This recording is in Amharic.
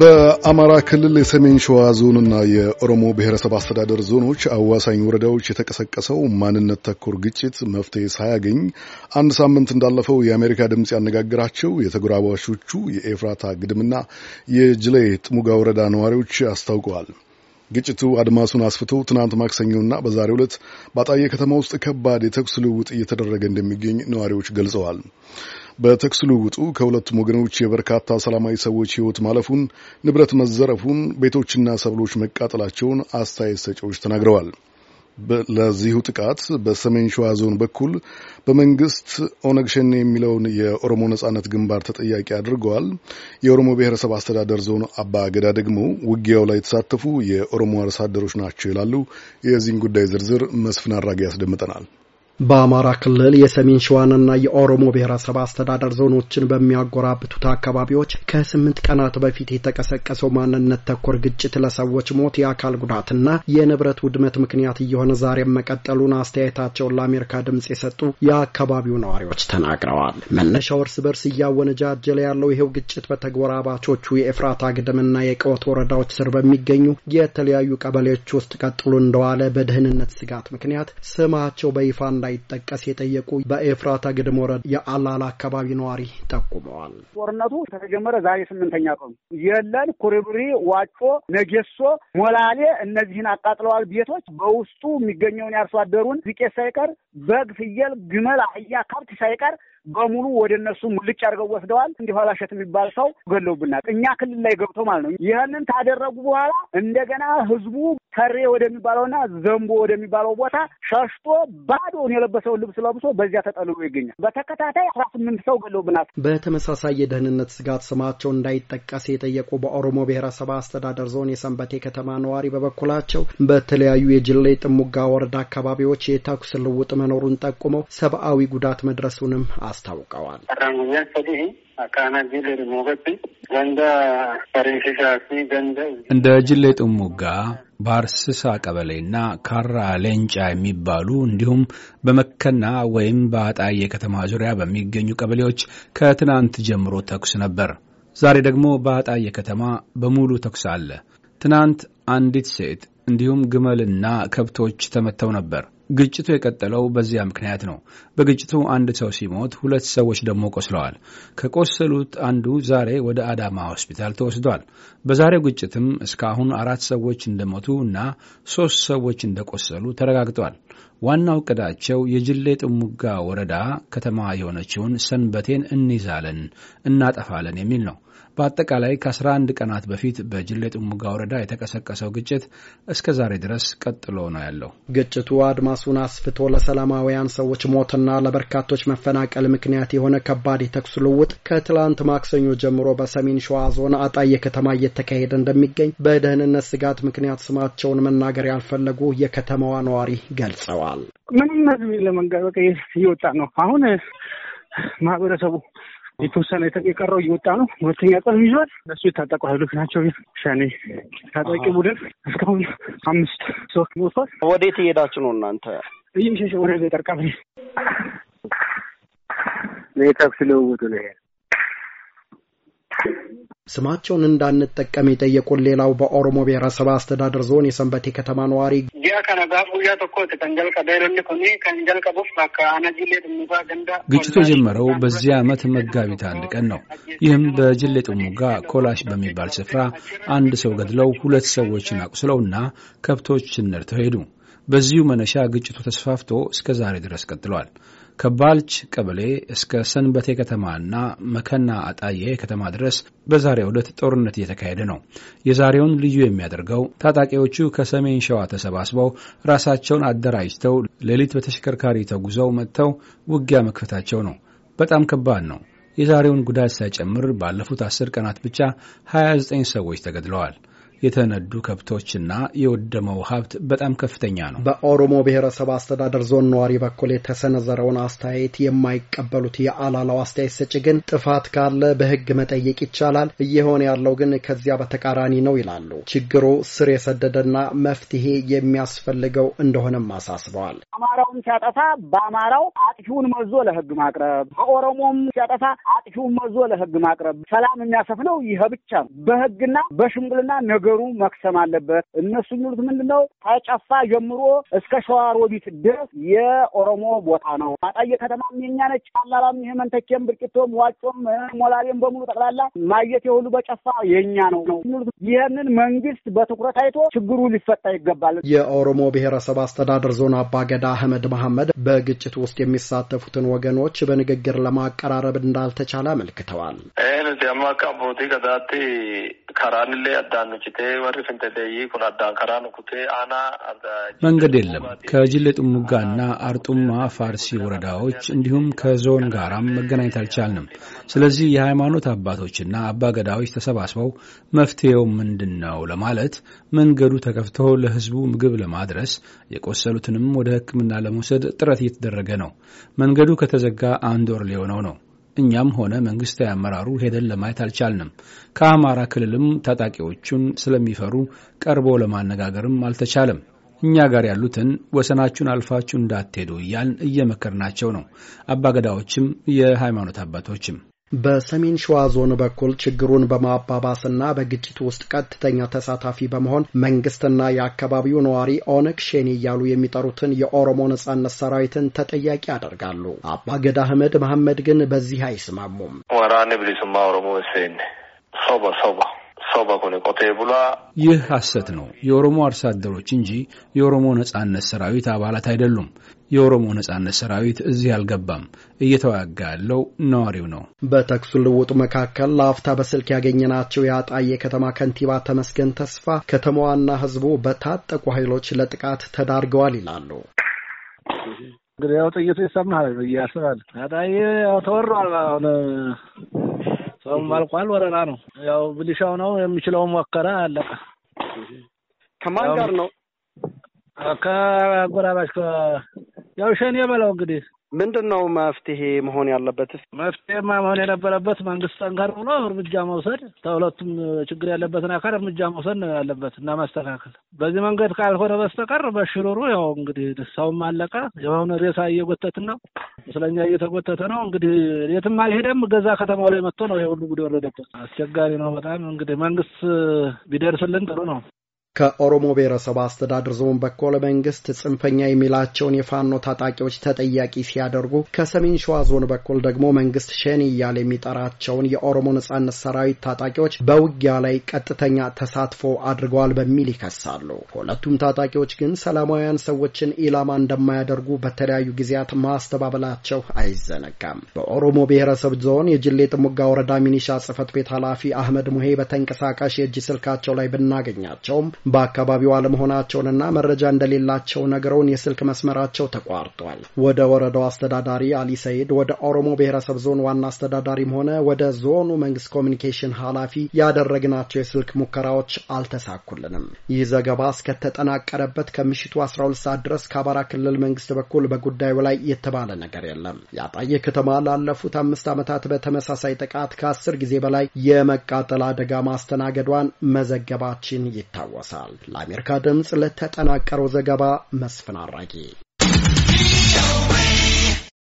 በአማራ ክልል የሰሜን ሸዋ ዞንና የኦሮሞ ብሔረሰብ አስተዳደር ዞኖች አዋሳኝ ወረዳዎች የተቀሰቀሰው ማንነት ተኮር ግጭት መፍትሄ ሳያገኝ አንድ ሳምንት እንዳለፈው የአሜሪካ ድምፅ ያነጋግራቸው የተጎራባሾቹ የኤፍራታ ግድምና የጅሌ ጥሙጋ ወረዳ ነዋሪዎች አስታውቀዋል። ግጭቱ አድማሱን አስፍቶ ትናንት ማክሰኞና በዛሬው ዕለት በአጣየ ከተማ ውስጥ ከባድ የተኩስ ልውውጥ እየተደረገ እንደሚገኝ ነዋሪዎች ገልጸዋል። በተኩስ ልውውጡ ከሁለቱም ወገኖች የበርካታ ሰላማዊ ሰዎች ሕይወት ማለፉን፣ ንብረት መዘረፉን፣ ቤቶችና ሰብሎች መቃጠላቸውን አስተያየት ሰጪዎች ተናግረዋል። ለዚሁ ጥቃት በሰሜን ሸዋ ዞን በኩል በመንግስት ኦነግ ሸኔ የሚለውን የኦሮሞ ነጻነት ግንባር ተጠያቂ አድርገዋል። የኦሮሞ ብሔረሰብ አስተዳደር ዞን አባ ገዳ ደግሞ ውጊያው ላይ የተሳተፉ የኦሮሞ አርሶ አደሮች ናቸው ይላሉ። የዚህን ጉዳይ ዝርዝር መስፍን አድራጊ ያስደምጠናል። በአማራ ክልል የሰሜን ሸዋንና የኦሮሞ ብሔረሰብ አስተዳደር ዞኖችን በሚያጎራብቱት አካባቢዎች ከስምንት ቀናት በፊት የተቀሰቀሰው ማንነት ተኮር ግጭት ለሰዎች ሞት፣ የአካል ጉዳትና የንብረት ውድመት ምክንያት እየሆነ ዛሬም መቀጠሉን አስተያየታቸውን ለአሜሪካ ድምፅ የሰጡ የአካባቢው ነዋሪዎች ተናግረዋል። መነሻው እርስ በርስ እያወነጃጀለ ያለው ይኸው ግጭት በተጎራባቾቹ የኤፍራታ ግድምና የቀወት ወረዳዎች ስር በሚገኙ የተለያዩ ቀበሌዎች ውስጥ ቀጥሎ እንደዋለ በደህንነት ስጋት ምክንያት ስማቸው በይፋ እንዳይጠቀስ የጠየቁ በኤፍራታ ግድም ወረድ የአላላ አካባቢ ነዋሪ ጠቁመዋል። ጦርነቱ ከተጀመረ ዛሬ ስምንተኛ ቀኑ የለን ኩሪብሪ፣ ዋጮ፣ ነጌሶ፣ ሞላሌ እነዚህን አቃጥለዋል። ቤቶች በውስጡ የሚገኘውን ያርሶ አደሩን ዱቄት ሳይቀር በግ፣ ፍየል፣ ግመል፣ አህያ፣ ከብት ሳይቀር በሙሉ ወደ እነሱ ሙልጭ አድርገው ወስደዋል። እንዲህ ኋላሸት የሚባል ሰው ገለውብናል። እኛ ክልል ላይ ገብቶ ማለት ነው። ይህንን ታደረጉ በኋላ እንደገና ህዝቡ ተሬ ወደሚባለውና ዘንቦ ወደሚባለው ቦታ ሸሽቶ ባዶውን የለበሰውን ልብስ ለብሶ በዚያ ተጠልሎ ይገኛል። በተከታታይ አስራ ስምንት ሰው ገለውብናል። በተመሳሳይ የደህንነት ስጋት ስማቸው እንዳይጠቀስ የጠየቁ በኦሮሞ ብሔረሰብ አስተዳደር ዞን የሰንበቴ ከተማ ነዋሪ በበኩላቸው በተለያዩ የጅሌ ጥሙጋ ወረዳ አካባቢዎች የተኩስ ልውጥ መኖሩን ጠቁመው ሰብአዊ ጉዳት መድረሱንም አስታውቀዋል። akkaan jilee dhimmoogatti ganda bareessaa fi ganda እንደ ጅሌ ጥሙጋ ባርስሳ ቀበሌና ካራ ሌንጫ የሚባሉ እንዲሁም በመከና ወይም በአጣዬ ከተማ ዙሪያ በሚገኙ ቀበሌዎች ከትናንት ጀምሮ ተኩስ ነበር። ዛሬ ደግሞ በአጣዬ ከተማ በሙሉ ተኩስ አለ። ትናንት አንዲት ሴት እንዲሁም ግመልና ከብቶች ተመተው ነበር። ግጭቱ የቀጠለው በዚያ ምክንያት ነው። በግጭቱ አንድ ሰው ሲሞት ሁለት ሰዎች ደግሞ ቆስለዋል። ከቆሰሉት አንዱ ዛሬ ወደ አዳማ ሆስፒታል ተወስዷል። በዛሬው ግጭትም እስካሁን አራት ሰዎች እንደሞቱ እና ሦስት ሰዎች እንደቆሰሉ ተረጋግጧል። ዋናው ዕቅዳቸው የጅሌ ጥሙጋ ወረዳ ከተማ የሆነችውን ሰንበቴን እንይዛለን፣ እናጠፋለን የሚል ነው። በአጠቃላይ ከ11 ቀናት በፊት በጅሌ ጥሙጋ ወረዳ የተቀሰቀሰው ግጭት እስከ ዛሬ ድረስ ቀጥሎ ነው ያለው። ግጭቱ አድማሱን አስፍቶ ለሰላማውያን ሰዎች ሞትና ለበርካቶች መፈናቀል ምክንያት የሆነ ከባድ የተኩስ ልውውጥ ከትላንት ማክሰኞ ጀምሮ በሰሜን ሸዋ ዞን አጣዬ ከተማ እየተካሄደ እንደሚገኝ በደህንነት ስጋት ምክንያት ስማቸውን መናገር ያልፈለጉ የከተማዋ ነዋሪ ገልጸዋል። ገልጸዋል። ምንም ለመንገድ በቃ እየወጣ ነው። አሁን ማህበረሰቡ የተወሰነ የቀረው እየወጣ ነው። ሁለተኛ ቀን ይዟል። እነሱ የታጠቁ ኃይሎች ናቸው። ሻኔ ታጣቂ ቡድን እስካሁን አምስት ሰዎች ሞቷል። ወዴት እየሄዳችሁ ነው እናንተ? እየሸሸ ወደ ገጠር ቀበሌ የተኩስ ልውውጡ ነው ይሄ ስማቸውን እንዳንጠቀም የጠየቁን ሌላው በኦሮሞ ብሔረሰብ አስተዳደር ዞን የሰንበቴ ከተማ ነዋሪ ግጭቱ የጀመረው በዚህ ዓመት መጋቢት አንድ ቀን ነው። ይህም በጅሌ ጥሙጋ ኮላሽ በሚባል ስፍራ አንድ ሰው ገድለው ሁለት ሰዎችን አቁስለውና ከብቶችን ነድተው ሄዱ። በዚሁ መነሻ ግጭቱ ተስፋፍቶ እስከ ዛሬ ድረስ ቀጥሏል። ከባልች ቀበሌ እስከ ሰንበቴ ከተማና መከና አጣዬ ከተማ ድረስ በዛሬው ዕለት ጦርነት እየተካሄደ ነው። የዛሬውን ልዩ የሚያደርገው ታጣቂዎቹ ከሰሜን ሸዋ ተሰባስበው ራሳቸውን አደራጅተው ሌሊት በተሽከርካሪ ተጉዘው መጥተው ውጊያ መክፈታቸው ነው። በጣም ከባድ ነው። የዛሬውን ጉዳት ሳይጨምር ባለፉት አስር ቀናት ብቻ 29 ሰዎች ተገድለዋል። የተነዱ ከብቶችና የወደመው ሀብት በጣም ከፍተኛ ነው። በኦሮሞ ብሔረሰብ አስተዳደር ዞን ነዋሪ በኩል የተሰነዘረውን አስተያየት የማይቀበሉት የአላላው አስተያየት ሰጭ ግን ጥፋት ካለ በሕግ መጠየቅ ይቻላል፣ እየሆነ ያለው ግን ከዚያ በተቃራኒ ነው ይላሉ። ችግሩ ስር የሰደደና መፍትሄ የሚያስፈልገው እንደሆነም አሳስበዋል። አማራውም ሲያጠፋ በአማራው አጥፊውን መዞ ለሕግ ማቅረብ፣ በኦሮሞም ሲያጠፋ አጥፊውን መዞ ለሕግ ማቅረብ፣ ሰላም የሚያሰፍነው ይህ ብቻ ነው። በሕግና በሽምግልና ነገ ነገሩ መክሰም አለበት። እነሱ የሚሉት ምንድን ነው? ከጨፋ ጀምሮ እስከ ሸዋሮቢት ድረስ የኦሮሞ ቦታ ነው። ማጣየ ከተማም የኛ ነች። አላላም፣ ይሄ መንተኬም፣ ብርቂቶም፣ ዋጮም፣ ሞላሌም በሙሉ ጠቅላላ ማየት የሁሉ በጨፋ የኛ ነው ነው የሚሉት። ይህንን መንግስት በትኩረት አይቶ ችግሩ ሊፈታ ይገባል። የኦሮሞ ብሔረሰብ አስተዳደር ዞን አባገዳ አህመድ መሐመድ በግጭት ውስጥ የሚሳተፉትን ወገኖች በንግግር ለማቀራረብ እንዳልተቻለ አመልክተዋል። ይህን ሲያማካ ቦቲ ከዛቲ ከራንሌ አዳንችት መንገድ የለም። ከጅሌ ጥሙጋና አርጡማ ፋርሲ ወረዳዎች እንዲሁም ከዞን ጋራም መገናኘት አልቻልንም። ስለዚህ የሃይማኖት አባቶችና አባገዳዎች ተሰባስበው መፍትሄው ምንድን ነው ለማለት መንገዱ ተከፍቶ ለህዝቡ ምግብ ለማድረስ የቆሰሉትንም ወደ ሕክምና ለመውሰድ ጥረት እየተደረገ ነው። መንገዱ ከተዘጋ አንድ ወር ሊሆነው ነው። እኛም ሆነ መንግስታዊ አመራሩ ሄደን ለማየት አልቻልንም። ከአማራ ክልልም ታጣቂዎቹን ስለሚፈሩ ቀርቦ ለማነጋገርም አልተቻለም። እኛ ጋር ያሉትን ወሰናችሁን አልፋችሁ እንዳትሄዱ እያልን እየመከርናቸው ነው። አባገዳዎችም የሃይማኖት አባቶችም በሰሜን ሸዋ ዞን በኩል ችግሩን በማባባስና በግጭቱ ውስጥ ቀጥተኛ ተሳታፊ በመሆን መንግስትና የአካባቢው ነዋሪ ኦነግ ሼኔ እያሉ የሚጠሩትን የኦሮሞ ነጻነት ሰራዊትን ተጠያቂ ያደርጋሉ። አባገዳ አህመድ መሐመድ ግን በዚህ አይስማሙም። ወራኔ ብሊሱማ ኦሮሞ ሴን ሶባ ሶባ ሰው ይህ ሐሰት ነው። የኦሮሞ አርሶ አደሮች እንጂ የኦሮሞ ነጻነት ሰራዊት አባላት አይደሉም። የኦሮሞ ነጻነት ሰራዊት እዚህ አልገባም። እየተዋጋ ያለው ነዋሪው ነው። በተኩሱ ልውጡ መካከል ለአፍታ በስልክ ያገኘናቸው የአጣዬ ከተማ ከንቲባ ተመስገን ተስፋ ከተማዋና ሕዝቡ በታጠቁ ኃይሎች ለጥቃት ተዳርገዋል ይላሉ። እንግዲህ ያው ጥይቱ ይሰማል ያስባል አጣዬ ያው ተወሯል። አሁን ሰውም አልቋል። ወረራ ነው ያው ብልሻው ነው የሚችለው ሞከረ፣ አለቀ። ከማን ጋር ነው? ከአጎራባች ያው ሸኔ በለው እንግዲህ ምንድን ነው መፍትሄ መሆን ያለበት? መፍትሄማ መሆን የነበረበት መንግስት ጠንከር ብሎ እርምጃ መውሰድ ከሁለቱም ችግር ያለበትን አካል እርምጃ መውሰድ ነው ያለበት እና ማስተካከል። በዚህ መንገድ ካልሆነ በስተቀር በሽሩሩ ያው እንግዲህ ሰውም አለቀ። የሆነ ሬሳ እየጎተትን ነው፣ መስለኛ እየተጎተተ ነው። እንግዲህ የትም አልሄደም። ገዛ ከተማው ላይ መጥቶ ነው ይሄ ጉድ የወረደበት። አስቸጋሪ ነው በጣም እንግዲህ መንግስት ቢደርስልን ጥሩ ነው። ከኦሮሞ ብሔረሰብ አስተዳደር ዞን በኩል መንግስት ጽንፈኛ የሚላቸውን የፋኖ ታጣቂዎች ተጠያቂ ሲያደርጉ ከሰሜን ሸዋ ዞን በኩል ደግሞ መንግስት ሸኒ እያለ የሚጠራቸውን የኦሮሞ ነጻነት ሰራዊት ታጣቂዎች በውጊያ ላይ ቀጥተኛ ተሳትፎ አድርገዋል በሚል ይከሳሉ። ሁለቱም ታጣቂዎች ግን ሰላማውያን ሰዎችን ኢላማ እንደማያደርጉ በተለያዩ ጊዜያት ማስተባበላቸው አይዘነጋም። በኦሮሞ ብሔረሰብ ዞን የጅሌ ጥሙጋ ወረዳ ሚኒሻ ጽህፈት ቤት ኃላፊ አህመድ ሙሄ በተንቀሳቃሽ የእጅ ስልካቸው ላይ ብናገኛቸውም በአካባቢው አለመሆናቸውንና መረጃ እንደሌላቸው ነገረውን የስልክ መስመራቸው ተቋርጧል። ወደ ወረዳው አስተዳዳሪ አሊ ሰይድ፣ ወደ ኦሮሞ ብሔረሰብ ዞን ዋና አስተዳዳሪም ሆነ ወደ ዞኑ መንግስት ኮሚኒኬሽን ኃላፊ ያደረግናቸው የስልክ ሙከራዎች አልተሳኩልንም። ይህ ዘገባ እስከተጠናቀረበት ከምሽቱ 12 ሰዓት ድረስ ከአማራ ክልል መንግስት በኩል በጉዳዩ ላይ የተባለ ነገር የለም። ያጣየ ከተማ ላለፉት አምስት ዓመታት በተመሳሳይ ጥቃት ከአስር ጊዜ በላይ የመቃጠል አደጋ ማስተናገዷን መዘገባችን ይታወሳል። ይደረሳል። ለአሜሪካ ድምፅ ለተጠናቀረው ዘገባ መስፍን አራጌ